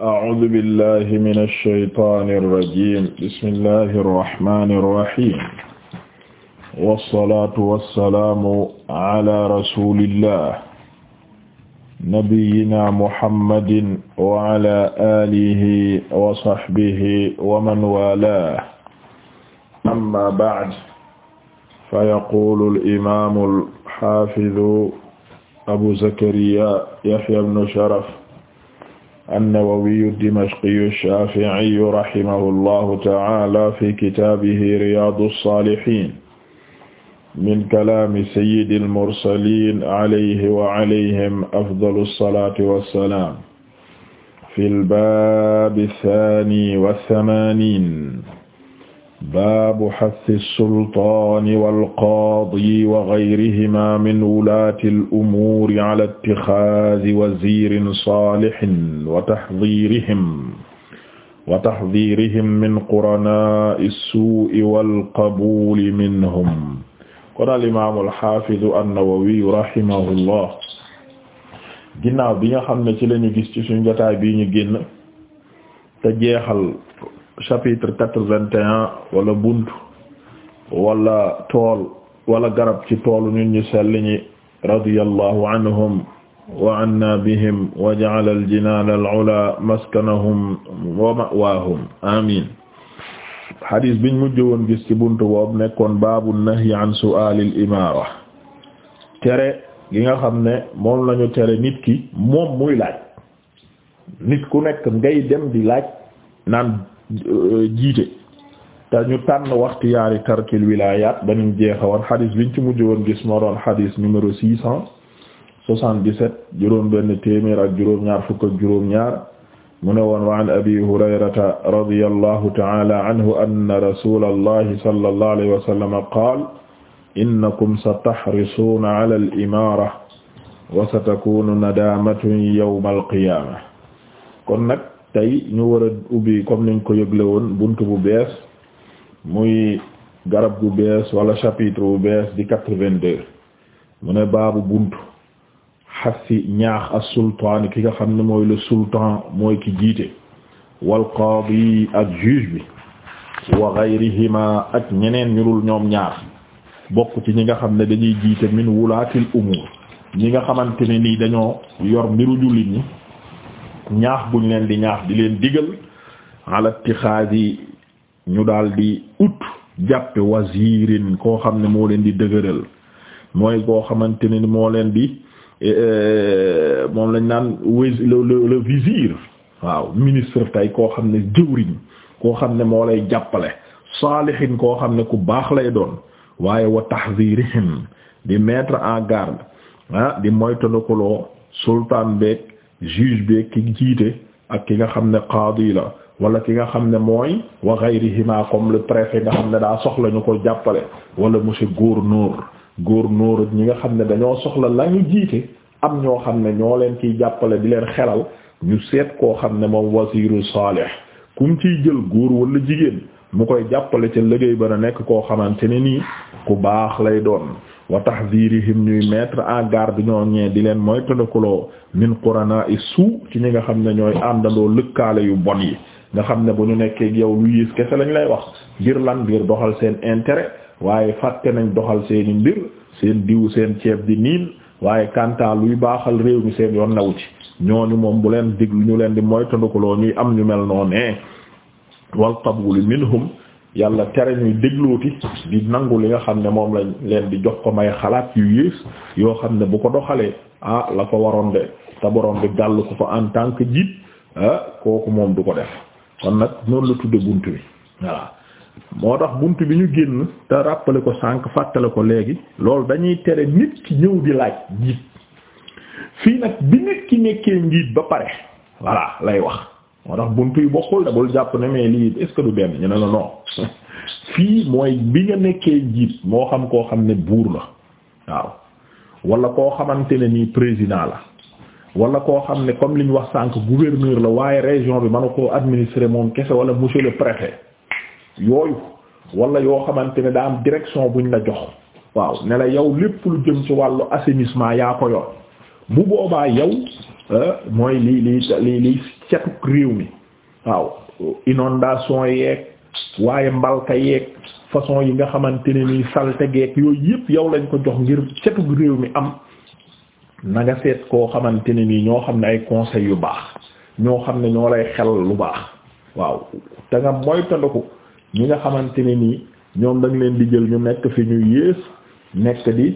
أعوذ بالله من الشيطان الرجيم بسم الله الرحمن الرحيم والصلاة والسلام على رسول الله نبينا محمد وعلى آله وصحبه ومن والاه أما بعد فيقول الإمام الحافظ أبو زكريا يحيى بن شرف an-Nawawi ad-Dimashqi ash-Shafi'i rahimahullahu ta'ala fi kitabihi Riyadu s-Salihin min kalami sayyidil mursalin alayhi wa alayhim afdalu s-salati was-salam fil babi ath-thani wath-thamanin baabu xassi sultaani wal qaadi wa gayrihima min wulaati al-umuuri ala ittixaazi waziirin saalixin wa taxdiirihim wa taxdiirihim min quranaa'i suu'i wal qabuuli minhum. kon al-imaamul xaafidu an-Nawawi rahimahullah. ginnaaw bi nga xam ne ci lañu gis ci suñu jotaay bii ñu génn te jeexal. chapitre quatre-vingt-un wala bunt wala tool wala garab ci toolu ñun ñu sell ñi radiyallahu anhum wa anna bihim wa ja'ala al-jinaan al wa ma'waahum amiin xadis biñ mujj woon gis ci buntu boobu nekkoon baabu nahyi an su'aalil imaara tere gi nga xam ne moom lañu tere nit ki moom muy laaj nit ku nekk ngay dem di laaj naan jiite te ñu tànn waxtiyaari tarkil wilayaat banim jeexawoon xadis biñ mujj woon gis moo doon xadis numéro six cent soixante-dix-sept juróom benn téeméer ak juróom ñaar mu ne woon wa an abi hurayrata radiyallahu ta'ala anhu anna rasulallahi sallallahu alayhi wa sallam qaala innakum satahrisuuna ala al-imaara wa tey ñu war a ubbi comme niñ ko yëgle woon bunt bu bees muy garab gu bees wala chapitre bu bees di quatre-vingt-deux mu ne baabu bunt ci ñaax as sultaan ki nga xam ne mooy le sultan mooy ki jiite wal qaadi ak juge bi wa gayrihima ak ñeneen ñu dul ñoom ñaar bokk ci ñi nga xam ne dañuy jiite min wulaatil umuur ñi nga xamante ne nii dañoo yor mbiru jullit ñi ñaax buñ leen di ñaax di leen digal ala yi ñu daal di ut jàppe wazirin koo xam ne moo leen di dëgëral mooy koo xamante ne moo leen di eh, eh, moom lañ naan le le vizir waaw ministre tey koo xam ne jëwriñ koo xam ne moo lay jàppale saalihin koo xam ne ku baax lay doon waaye wa tahzirihim di mettre en garde ah, di moytandikuloo sultaan beeg juge bi ki jiite ak ki nga xam ne qaadi la wala ki nga xam ne mooy wa gayrihima comme le préfet nga xam ne daa soxla ñu ko jàppale wala monsieur góor gouverneur ñi nga xam ne dañoo soxla la ñu jiite am ñoo xam ne ñoo leen kiy jàppale di leen xelal ñu seet koo xam ne moom wasiiru saalih kum ciy jël góor wala jigéen mu koy jàppale ca liggéey ba na nekk koo xamante ne nii ku baax lay doon wa tahdirihim ñuy metre en garde ñoo ñee di leen mooy tëddakaloo min qurana i suu ci ñi nga xam ne ñooy àndandoo lëkkaale yu bon yi nga xam ne bu ñu nekkee yow lu yiis kese lañ lay wax ngir lan ngir doxal seen intérêt waaye fàtte nañ doxal seeni mbir seen diw seen ceeb di niin waaye kanta luy baaxal réew mi seen yoon naw ci ñooñu moom bu leen diglu ñu leen di mooy tëddakaloo am ñu mel noonee wal qabul minhum yàlla tere ñuy déglooti di nangu li nga xam ne moom lañ leen di jox ko may xalaat yu yées yoo xam ne bu ko doxalee ah la ko waroon de te borom bi gàll ko ko en tànk que jiit ah kooku moom du ko def kon nag noonu lu tudd bunt bi voilà moo tax bunt bi ñu génn te rappale ko sànq fàttale ko léegi loolu dañuy tere nit ki ñëw di laaj jiit fii nag bi nit ki nekkee njiit ba pare voilà lay wax moo tax buntu yi bokkul da bul jàpp ne mais lii est-ce que du benn ñu ne la non fii mooy bi nga nekkee jiit moo xam koo xam ne buur la waaw wala koo xamante ne nii président la walla koo xam ne comme li ñu wax sànq gouverneur la waaye région bi man a koo administrer moom kese wala monsieur le préfet yooyu wala yoo xamante ne daa am direction buñ la jox waaw ne la yow lépp lu jëm ci wàllu assainissement yaa ko yor bu boobaa yow Euh, mooy lii li li li cetuk réew mi waaw inondation yeeg waaye mbalka yeeg façon yi nga xamante ne nii salte geek yooyu yëpp yow lañ ko jox ngir cetuk réew mi am nanga seet koo xamante ne nii ñoo xam ne ay conseil yu baax ñoo xam ne ñoo lay xel lu baax waaw te nga moytandiku ñi nga xamante ne nii ñoom dañ leen di jël ñu nekk fi ñuy yées nekk di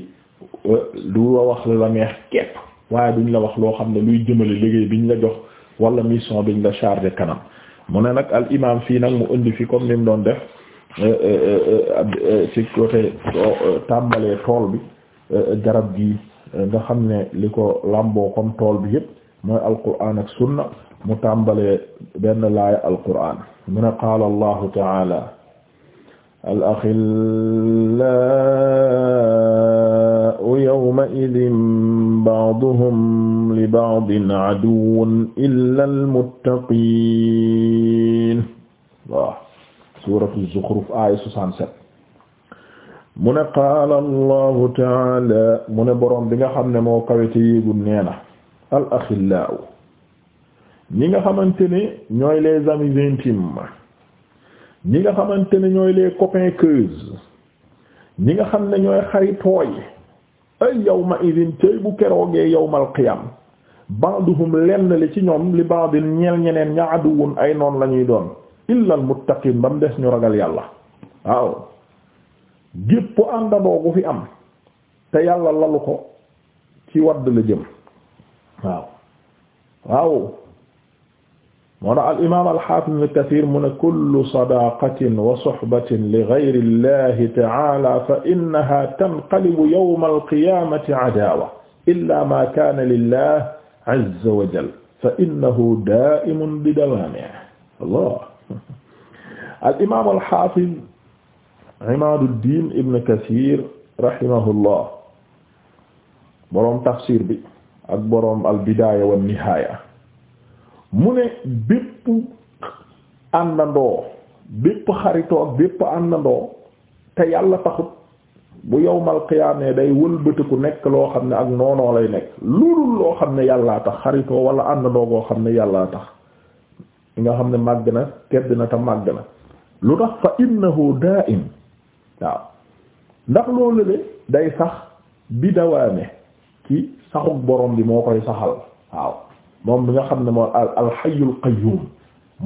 euh, du wax la neex képp waaye duñ la wax loo xam ne luy jëmale liggéey ñu la jox wala mission biñ la chargé kanam mu ne nag al imam fii nag mu indi fi comme ni mu doon def euh, euh, euh, ci tàmbalee tool bi garab gi nga xam ne li ko làmboo comme tool bi yëpp mooy alquran ak sunna mu tàmbalee benn laaya alquran mu ne qaala allahu taala al axilla ba'duhum li ba'din aduwwun illal muttaqiin waaw suuratu Zukhruf mu ne qaala Allahu ta'aala mu ne boroom bi nga xam ne moo kawite yéegul neena na al axillaa'u ñi nga xamante ne ñooy les amis intimes ñi nga xamante ne ñooy les copains queues ñi nga xam ne ñooy xaritooy ay yawma idin tey bu keroogee yawmal qiyam ba'duhum lenn li ci ñoom li ba'dil ñeel ñeneen ña ay noon lañuy doon illal muttaqin ba mu des ñu ragal yàlla waaw gépp àndandoo gu fi am te yàlla lalu ko ci wadd la jëm waaw waaw moo na al imaam al haafiz ibn Kathir mu ne kullu sadaqatin wa suhbatin li ghayri llahi ta'ala fa innaha tanqalibu yawma al-qiyaamati adaawa illa ma kaana lillahi azza wa jalla fa innahu daa'imun bi dawaamihi Allah al imaam al haafiz Imaaduddin ibn Kathir rahimahullah boroom tafsir bi ak boroom al bidaaya wan nihaaya mu ne bépp àndandoo bépp xaritoo bépp àndandoo te yàlla taxut bu yowmal qiyaamee day wëlbatiku nekk loo xam ne ak noonoo lay nekk loolu loo xam ne yàllaa tax xaritoo wala àndandoo goo xam ne yàllaa tax nga xam ne màgg na tedd na te màgg na lu tax fa innahu daa'im waaw ndax loolu le day sax bi dawaame ci saxuk borom bi moo koy saxal waaw moom bi nga xam ne mooy alxayul qayyum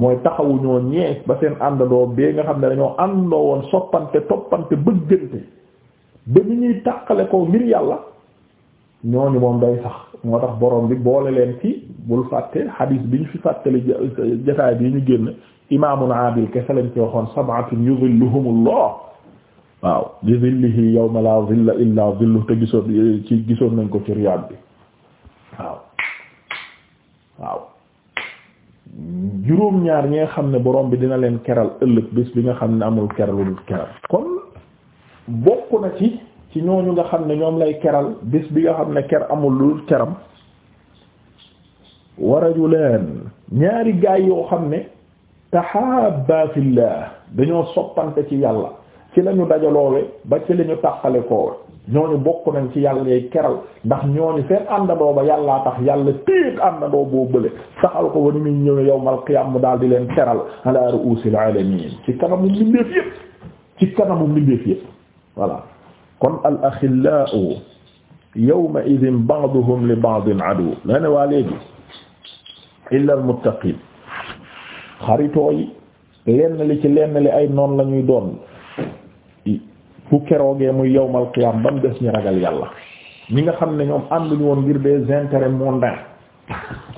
mooy taxawu ñoo ñee ba seen àndandoo bee nga xam ne dañoo àndoo woon soppante toppante bëggante ba ni ñuy tàqale ko ngir yàlla ñooñu moom day sax moo tax borom bi boole leen ci bul fàtte hadith bi ñu fi fàttali jataay bi ñu génn naa aadil kese lañ ci waxoon sab'atun yuzilluhumullah waaw bi zillihi yawma la zilla illa zillu te gisoon ci gisoon nañ ko ci riyaad bi juróom-ñaar ñi nga xam ne borom bi dina leen keral ëllëg bés bi nga xam ne amul keralul keral kon bokk na ci ci ñooñu nga xam ne ñoom lay keral bés bi nga xam ne ker amul lu keram wa rajulan ñaari gaay yoo xam ne tahabba fillah dañoo soppante ci yàlla ci lañu dajaloowe ba ci lañu tàqale ko ñooñu bokk nañ ci yàlla yay keral ndax ñooñu seen àndandoo ba yàllaa tax yàlla téeg àndandoo boo bële saxal ko ba ni muy mu daal di leen keral ala ru'usil alamin ci kanamu mbindeef yépp ci kanamu mbindeef yépp voilà kon al axillaa'u yawma idhin ba'duhum li ba'din adu la ne waa léegi illa al muttaqiin xaritoo yi li ci lenn li ay noon lañuy doon bu keroogee muy yawmal qiyaam ba mu des ñi ragal yàlla ñi nga xam ne ñoom ànduñu woon ngir des intérêts mondains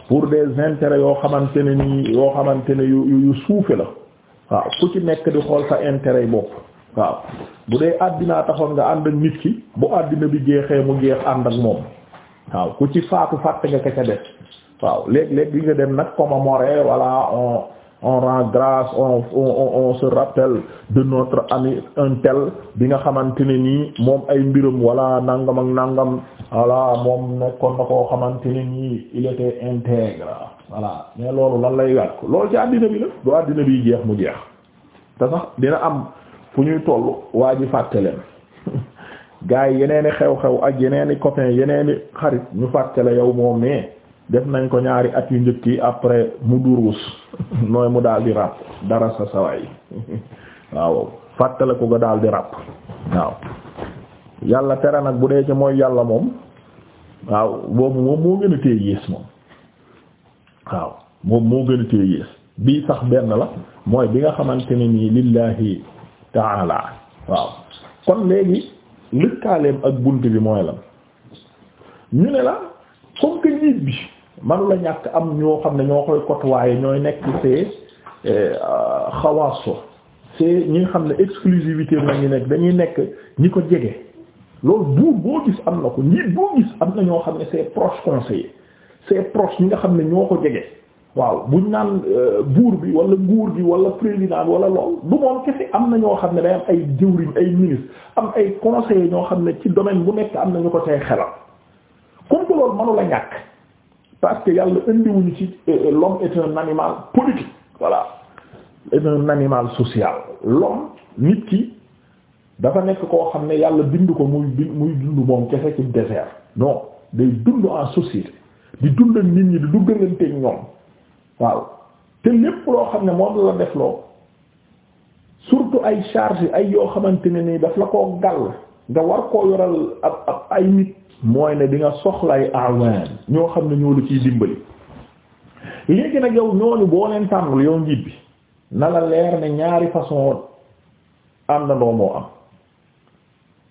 pour des intérêts yoo xamante ne ni yoo xamante ne yu yu suufe la waaw ku ci nekk di xool sa intérêt yi bopp waaw bu dee àddinaa taxoon nga ànd ak nit ki bu àddina bi jeexee mu géex ànd ak moom waaw ku ci faatu fàtte nga ka ca def waaw léeg-léeg li nga dem nag commémorer walla on rend grâce on se rappelle de notre ami un bi nga xamante ne nii moom ay mbiram wala nangam ak nangam voilà moom nekkoon na koo xamante ne nii il était intègre mais loolu lan lay wàt ko loolu ci àddina bi la du àddina bi jeex mu jeex te sax dina am fu ñuy toll waa ji fàtte leen gars yi yeneeni xew-xew ak yeneeni copain yeneeni xarit ñu fàtte la yow moom ne def nañ ko ñaari at yu njëkk yi après mu duruus nooy mu daal ràpp dara sa sawaay waaw fàttale ko nga daal ràpp waaw yàlla tere nag bu dee ci mooy yàlla moom waaw boobu moom moo gën a moom waaw moom moo gën a bii sax benn la mooy bi nga xamante ne nii lillahi taala waaw kon léegi lëkkaaleem ak bunt bi mooy lan ñu ne la comme que bi manu la ñàkk am ñoo xam ne ñoo koy waaye ñooy nekk see euh, xawaaso see ñi nga xam ne exclusivité la ñu nekk dañuy nekk ñi ko jege loolu buur boo gis am na ko njiit boo gis am na ñoo xam ne c'est proche conseiller c'est proche ñi nga xam ne ñoo ko jege waaw buñ naan euh, buur bi wala nguur bi wala président wala lool du moom kese am na ñoo xam ne day am ay jëwriñ ay ministre am ay conseiller ñoo xam ne ci domaine bu nekk am na ñu ko tey xelal comme que loolu parce que yàlla indiwuñu ci euh, euh, l'homme est un animal politique voilà est un animal social l'homme nit ki dafa nekk koo xam ne yàlla bind ko muy bind muy dund moom kese ci désert non day dund en société di dund ak nit ñi di duggalanteeg ñoom waaw te lépp loo xam ne moom la def loo surtout ay charge ay yoo xamante ne nii daf la koo gàll nga war koo yoral ab ab ay nit mooy ne di nga soxlay awaan ñoo xam ne ñoo la ciy dimbali léegi nag yow ñooñu boo leen tànnul yow njiit bi na la leer ne ñaari façon am na ndoo moo am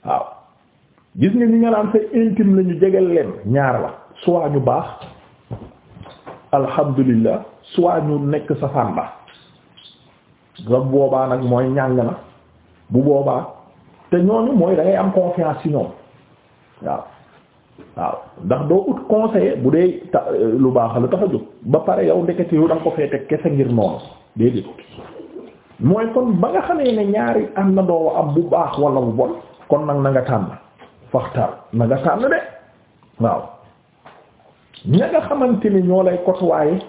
waaw gis nga ñi nga naan c'est intime la ñu jegal leen ñaar la soit ñu baax alhamdulillah soit ñu nekk sa fan ba sa boobaa nag mooy ñàng na bu boobaa te ñooñu mooy da am confiance ci ñoom waaw waaw ndax doo ut conseiller bu dee ta lu baax la tax a jóg ba pare yow ndekete yow da nga ko fee teg kese ngir noonu déedéet mooy kon ba nga xamee ne ñaari am na doo am bu baax walla bu bon kon nag na nga tànn faxtar na nga tànn de waaw ña nga xamante ni ñoo lay côtoyer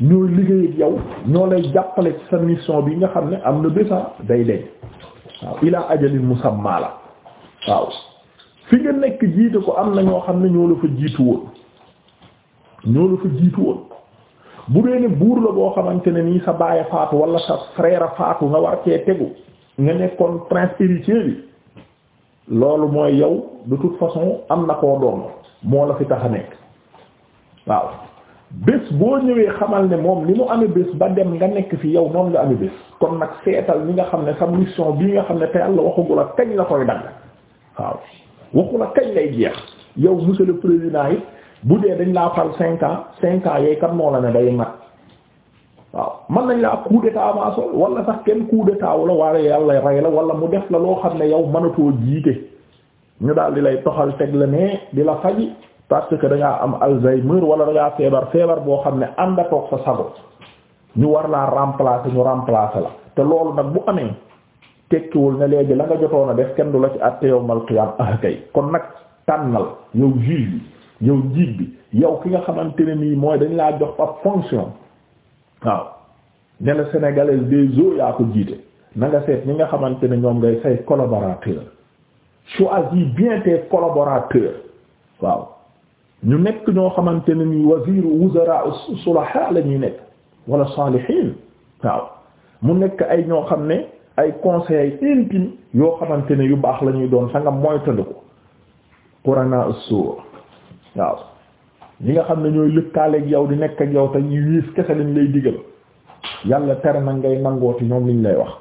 ñooy liggéey ak yow ñoo lay jàppale ci sa mission bi nga xam ne am na bésa ah, day day waaw ila ajalin musamma la waaw fi nga nekk jiite ko am na ñoo xam ne ñoo la fa jiitu woon ñoo la fa jiitu woon bu dee ne buur la boo xamante ne nii sa baay a faatu wala sa frère a faatu nga war tegu nga nekkoon prince héritier bi loolu mooy yow de toute façon am na koo doon moo la fi tax a nekk waaw bés boo ñëwee xamal ne moom li mu amee bés ba dem nga nekk fi yow noonu nga amee bés kon nag seetal li nga xam ne sa mission bii nga xam ne te yàlla waxagul a kañ la koy dagg waaw waxu la kañ lay jeex yow monsieur le président yi bu dee dañ laa fal cinq ans cinq ans yooyu kan moo la ne day mat waaw mën nañ laa coup d'état avancé wala sax kenn coup d'état wala waaye yàlla rey la wala mu def la loo xam ne yow mënatoo jiite ñu daal di lay toxal teg la ne di la faji parce que dangaa am alzheimer wala dangaa feebar feebar boo xam ne ànd ak sa sago ñu war laa remplacer ñu remplacer la te loolu nag bu amee. tekkiwul ne léegi langa jotoon a def kenn du la ci àtte yawmal qiyaam ah kon nag tànnal yow juge bi yow njiit bi yow ki nga xamante ne nii mooy dañ laa jox ab fonction waaw ne la sénégalaise des eaux yaa ko jiite na seet ñi nga xamante ne ñoom ngay say collaborateur choisis bien tes collaborateurs waaw ñu nekk ñoo xamante ne nii wazir wuzara sulaha la ñuy nekk wala salihin waaw mu nekk ay ñoo xam ne ay conseils intimes yoo xamante ne yu baax la ñuy doon sa nga ko qurana as-suur waaw ñi nga xam ne ñooy lëkkaaleeg yow di nekk ak yow te ñu wiis kese lañ lay digal yàlla tere na ngay nangooti ñoom liñ lay wax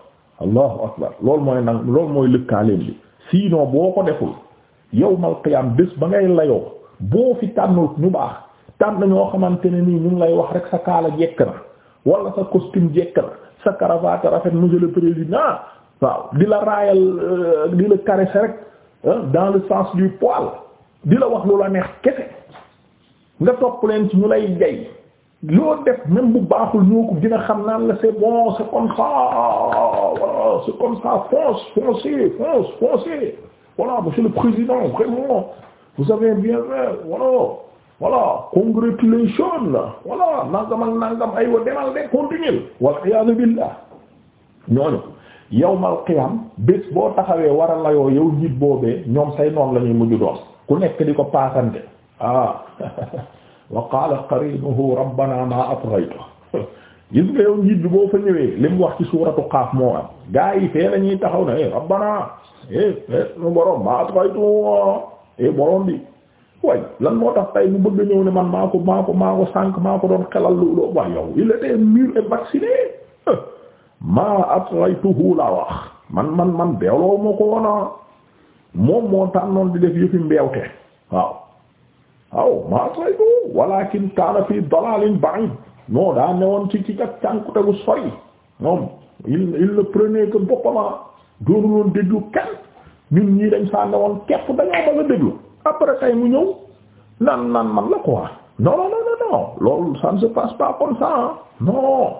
allahu akbar loolu mooy nang loolu mooy lëkkaaleen bi sinon boo ko deful yawmal qiyaam bés ba ngay layoo boo fi tànnul ñu baax tànn ñoo xamante ne nii ñu ngi lay wax rek sa kaala jekk na wala sa costume jekk na sa cravate rafet monsieur le président waaw di la raayal euh, di la caresser rek dans le sens du poil di la wax lu la neex kese nga topp leen ci ñu lay jay loo def même bu baaxul ñoo ko gën a xam naan la c'est bon c'est comme ça voilà c'est comme ça fonce foncez fonce foncez voilà monsieur le président vraiment vous avez bien fait voilà voilà congratulation la voilà nangam ak nangam ay wa demal de continuer wal iyaadu billah ñooñu yawmal qiyam bés boo taxawee war a layoo yow njiit boobee ñoom say noon la mu mujj ku nekk di ko paasante ah wa qaala qarinuhu rabbana ma atghaytu gis nga yow njiit bi boo fa ñëwee li mu wax ci suuratu qaaf moo am gaa yi fee ñuy taxaw ne eh, rabbana borom ma atghaytu eh, eh borom eh, bi way lan moo tax tay mu bëgg ñëw ne man maa ko maa ko maa ko sànq maa ko doon xelal lu loo wax yow il était mûr et vacciné eh, maa atraytuhu laa wax man man man beewloo moo ko woona ah. moom moo tànnoon di def yëfi mbeewte waaw waaw maa atraytuhu walakin kaana fi dalalin ba'id non daa newoon ci ci ak cànkute gu sori moom il il ne prenait que boppama ah. doonu loon déglu kenn ñun ñii dañ saa newoon képp dañoo bëgg a déglu après tay mu ñëw naan naan man la ko non non non non loolu ça ne se passe comme ça non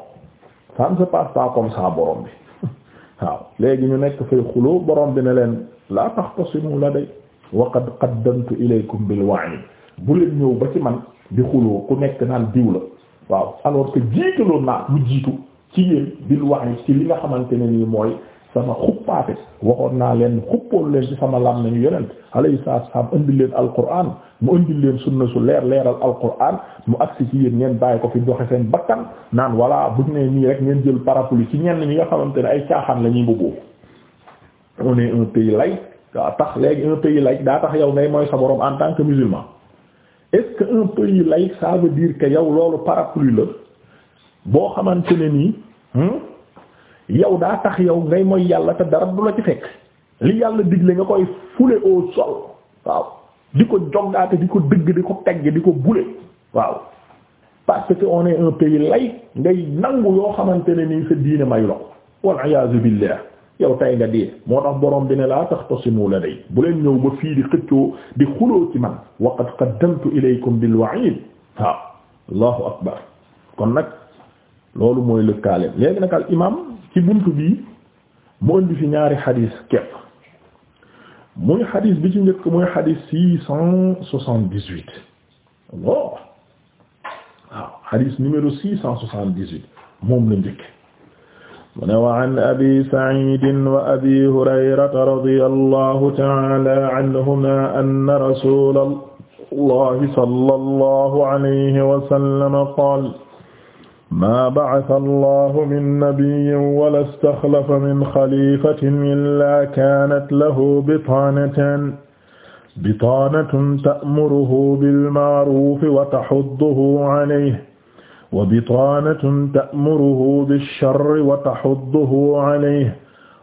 ça passe comme ça borom bi waaw léegi ñu nekk fay xuloo borom bi ne leen laa taxtasimu laday wa qad qaddamtu ilaykum bil wa'i bu leen ñëw ba ci man di xuloo ku nekk naan diw la waaw alors que jiitaloon naa lu jiitu ci yéen bil wa'i ci li nga xamante ne nii mooy sama xuppaate waxoon naa leen xuppool leen ci sama lam nañu yonent alayhi salaatu salaam indi leen alquran mu indi leen sunna su leer leeral alquran mu agsi ci yéen ngeen bàyyi ko fi joxe seen bakkan naan walla buñ ne nii rek ngeen jël parapluie ci ñenn ñi nga xamante ne ay caaxaan la ñuy mbubboo on est un pays laïque daa tax léegi un pays laïque daa tax yow ngay mooy sa borom en tant que musulman est-ce que un pays laïque ça veut dire que yow loolu parapluie la boo xamante yow daa tax yow ngay mooy yàlla te dara du la ci fekk li yàlla digle nga koy fule au sol waaw di ko jongaate di ko dëgg di ko tegg di ko bule waaw parce que on un pays laïque ngay nangu yoo xamante ne nii sa diine mayu la wal iyaazu billah yow tay nga dee moo tax borom bi ne laa taxtasimu laday bu leen ñëw ba fii di xëccoo di xuloo ci man wa qad qaddamtu ilaykum bil wa'id waaw allahu akbar kon nag loolu mooy lëkkaaleem léegi nag al imam ci buntu bi mu indi fi ñaari xadis kepp muy xadis bi ci njëkk muy xadis six cent soixante-dix-huit waaw xadis numéro six cent soixante-dix-huit moom la njëkk mu ne wa an abi saidin wa abi hurayrata radia allahu taala anhuma anna rasula allahi sallallahu alayhi wa sallam qaala maa ba'atha allahu min nabiyyin wala staxlafa min xalifatin illaa kaanat lahu bitaanatan bitaanatun ta'muruhu bilma'ruufi wa taxudduhu alayhi wa bitaanatun ta'muruhu bisharri wa taxudduhu alayhi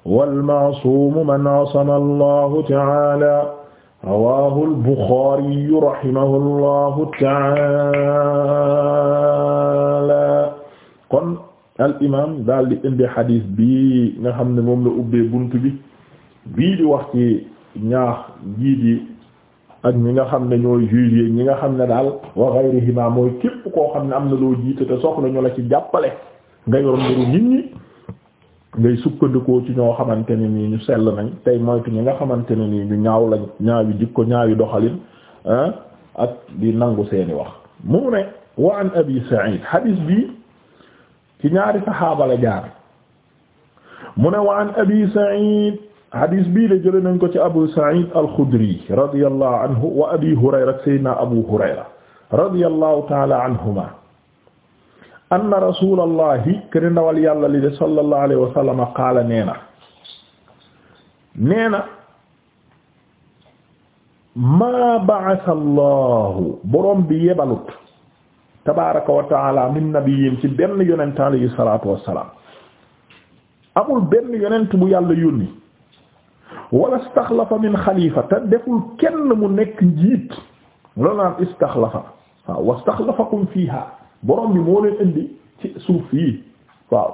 wal ma'suumu man 'asama allahu ta'aala rawaahu al-buxaari rahimahu allahu ta'aala kon al imam daal di indi xadiis bi nga xam ne moom la ubbee bunt bi bii di wax ci ñaax jiit yi ak ñi nga xam ne ñooy juge ñi nga xam ne daal wa ghayrihima mooy képp koo xam ne am na loo jiite te soxla ñu la ci jàppale nga yor mbiru nit ñi ngay sukkandikoo ci ñoo xamante ni nii ñu sell nañ tey moytu ñi nga xamante ne nii ñu ñaaw lañ ñaawi jikko ñaawi doxalin ah, ak di nangu seeni wax mu ne wa abi sa'id xadiis bi ci ñaari saxaaba la jaar mu ne wa an abi Sa'id hadis bii de jëlee nañ ko ci abu Sa'id al-Khudri radiyallahu anhu wa abi Hurayra sayyidina abu Hurayra radiyallahu ta'ala anhuma anna rasulallahi kene ndawal yàlla li de sallallahu alayhi wa sallam qaala nee na nee na maa ba'atha Allahu borom bi yebalut tabaraka wa taala min nabiyyin ci benn yonent alayhi salaatu wassalaam amul benn yonent bu yàlla yónni wala istaxlafa min xalifa te deful kenn mu nekk njiit loolu naan istaxlafa waaw wastaxlafakum fiiha borom bi moo leen indi ci suuf fii waaw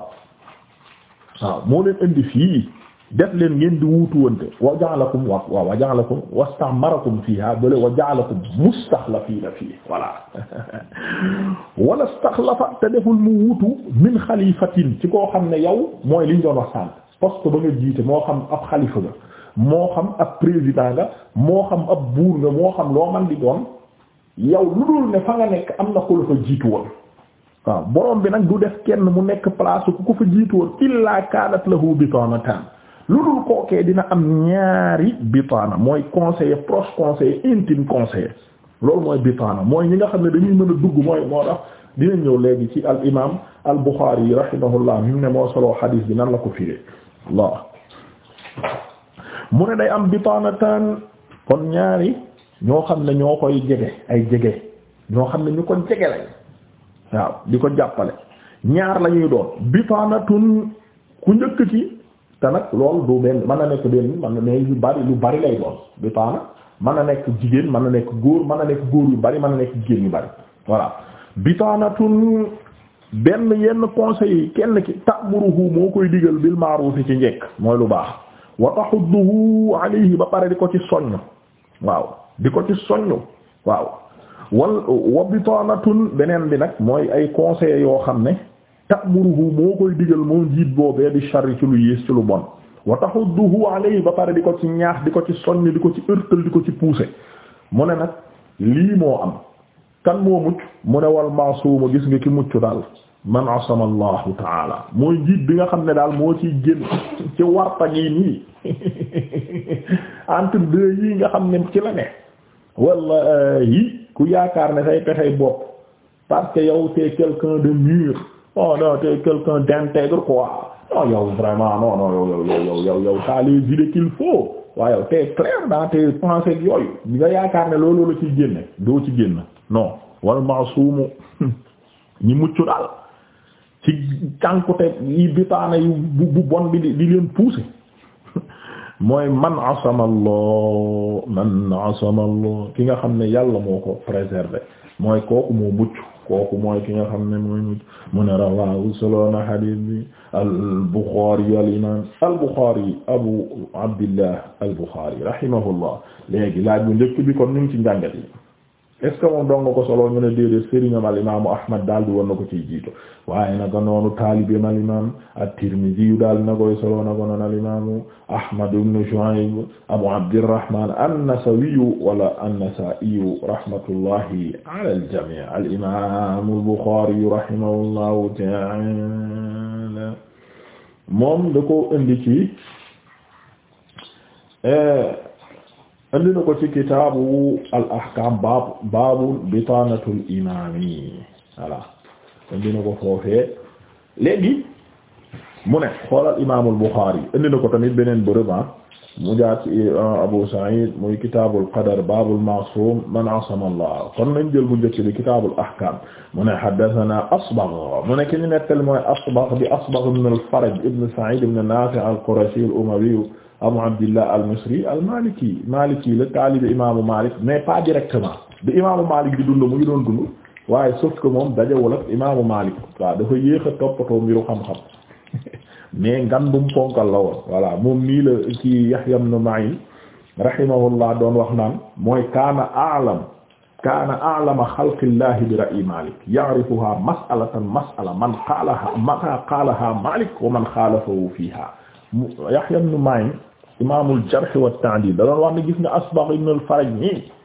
waaw moo leen indi fii def leen ngeen di wuutuwante wa ja'alakum wa wa ja'alakum wastamarakum fiha bale wa ja'alakum mustakhlafina fii voilà wala stakhlafa te deful mu wuutu min xalifatin ci koo xam ne yow mooy liñ doon wax sànq poste ba nga jiite moo xam ab xalifa nga moo xam ab président nga moo xam ab buur nga moo xam loo man di doon yow lu dul ne fa nga nekk am na ko la fa jiitu woon waaw borom bi nag du def kenn mu nekk place ku ko fa jiitu woon illa kanat lu dul kookee dina am ñaari bitaana mooy conseiller proche conseil intime conseiller loolu mooy bitaana mooy ñi nga xam ne dañuy mën a dugg mooy moo tax dina ñëw léegi ci al imaam al Buxaari rahimahullah mi ne moo soloo xadiis bi nan la ko firee Allah mu ne day am bitaanataan kon ñaari ñoo xam ne ñoo koy jege ay jege ñoo xam ne ñu ko jege lañ waaw di ko jàppale ñaar lañuy ñuy doon bitaanatun ku njëkk ci te nag loolu du benn man a nekk benn man na mais yu bari lu bari lay doon du taana mën nekk jigéen man na nekk góor man na nekk góor yu bari mën na nekk jigéen yu bari voilà bitaanatun benn yenn conseil kenn ki ta'muruhu moo koy digal bil ma'ruf ci njekk mooy lu baax wa tahudduhu alayhi ba pare di ko ci soññ waaw di ko ci soññ waaw wal wa bitaanatun beneen bi nag mooy ay conseil yoo xam ne ta'muruhu moo koy digal moom jiit boobee bi sharri ci lu yées ci lu bon wa tahudduhu alayhi ba pare di ko ci ñaax di ko ci soññ di ko ci ërtal di ko ci pousser mu ne nag lii moo am kan moo mucc mu ne wal maasuuma gis nga ki mucc daal man asama allahu taala mooy njiit bi nga xam ne daal moo ciy génn ci warta gi nii entre deux yii nga xam ne ci la ne wallahi ku yaakaar ne say pexey bopp parce que yow c'est quelqu'un de mûr oh non t'es quelqu'un d'intègre quoi non yow vraiment non non yow yow yow yow faut waaw yow t'es clair dans tes yooyu di nga yaakaar ne loolu la ciy génne doo ci génn non wal masuumu ñi mucc daal ci cànkute yi bitaana yu bu bon bi di leen pousser mooy man asama Allah man asama ki nga xam ne yàlla moo ko préserver mooy kooku moo mucc kooku mooy ki nga xam ne mooy mujj mu ne rawahu soloona hadith bi al-Bukhari al imam al-Bukhari Abu Abdillah al-Bukhari rahimahullah léegi laaj bu njëkk bi kon ñu ngi ci njàngat yi est ce que moom dong ko solo ñu ne déedéet sëriñam al imaamu Ahmad daal di woon ko ciy jiitu waaye naka noonu taalibeem al imaam at-Tirmidhi yu na koy solo naka noonu al imaamu Ahmad ibn Shu'ayb Abu Abdirrahman an-Nasawi wala an-Nasa'i rahmatullahi al-jami' al imaam al-Bukhari rahimahullahu ta'ala andi na ko ci kitaabu al ahkaam baabu baabu bitaanatul imaami voilà andi na ko foofee léegi mu ne xoolal imaamul Buxaari indi na ko tamit beneen bërëb ah. mu jaar ci Abu Sa'id muy kitaabul qadar baabul ma'suum man 'asama Allah kon nañ jël bu njëkk bi kitaabul ahkaam mu ne haddasanaa Asbagh mu ne ki ñu nettali mooy Asbagh di Asbagh ibn al-Faraj ibn Sa'id ibn Naafi' al-Qurashi al-Umawi Abu Abdillah al-Misri al-Maliki Maliki la taalibu imaamu Maalik mais pas directement bi imaamu Maalik di dund mu ngi doon dund waaye sauf que moom dajewul ak imaamu Maalik waaw dafa yéex a toppatoo mbiru xam-xam. mais ngan bu mu ponkal la woon voilà moom nii la ci Yahya ibn Ma'in rahimahullah doon wax naan mooy kaana a'lam kaana a'lama xalqillahi bi ra'yi Malik ya'rifuha mas'alatan mas'ala man qaalaha mata qaalaha Malik wa man xaalafahu fiiha Yahya ibn Ma'in imaamul jarh wa ta'dil da doon wax ne gis nga Asbagh ibn al-Faraj nii